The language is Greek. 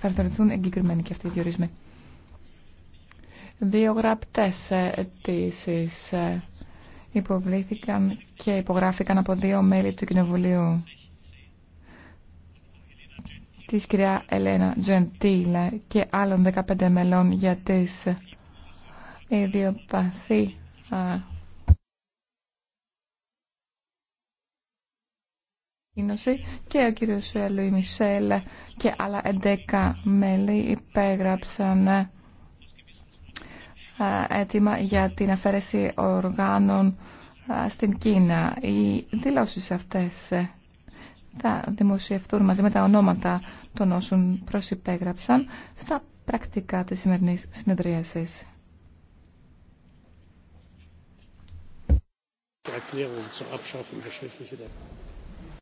θα θεωρηθούν εγκεκριμένοι και αυτοί οι διορισμοί. Δύο γραπτές αιτήσει ε, υποβλήθηκαν και υπογράφηκαν από δύο μέλη του Κοινοβουλίου της κυρία Ελένα Τζεντήλ και άλλων 15 μελών για τις ιδιοπαθή ε, ανακοίνωση και ο κύριος ε, Λουί Μισελ και άλλα 11 μέλη υπέγραψαν ε, έτοιμα για την αφαίρεση οργάνων ε, στην Κίνα. Οι δηλώσεις αυτές θα δημοσιευτούν μαζί με τα ονόματα των όσων προσυπέγραψαν στα πρακτικά της σημερινής συνεδρίασης. Erklärung zur